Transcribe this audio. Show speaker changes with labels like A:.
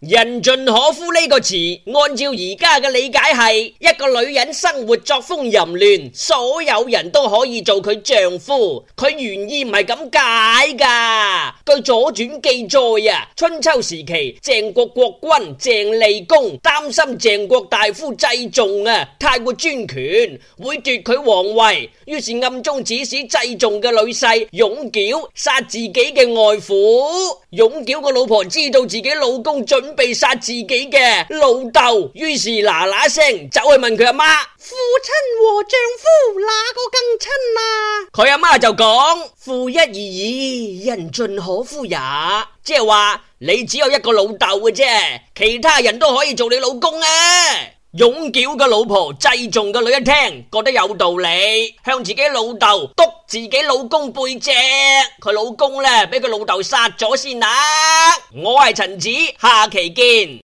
A: 人盡可夫呢個詞，按照而家嘅理解係一個女人生活作風淫亂，所有人都可以做佢丈夫，佢原意唔係咁解噶。據左傳記載啊，春秋時期鄭國國君鄭厲公擔心鄭國大夫祭仲啊太過專權會奪佢皇位，於是暗中指使祭仲嘅女婿勇繳殺自己嘅外父。勇屌個老婆知道自己老公準備殺自己嘅老豆，於是嗱嗱聲走去問佢阿媽,媽：
B: 父親和丈夫哪個更親啊？
A: 佢阿媽,媽就講：父一而已，人盡可夫也。即係話你只有一個老豆嘅啫，其他人都可以做你老公啊！勇繳個老婆，制重個女一聽覺得有道理，向自己老豆督自己老公背脊，佢老公呢，俾佢老豆殺咗先啊！我係陳子，下期
C: 見。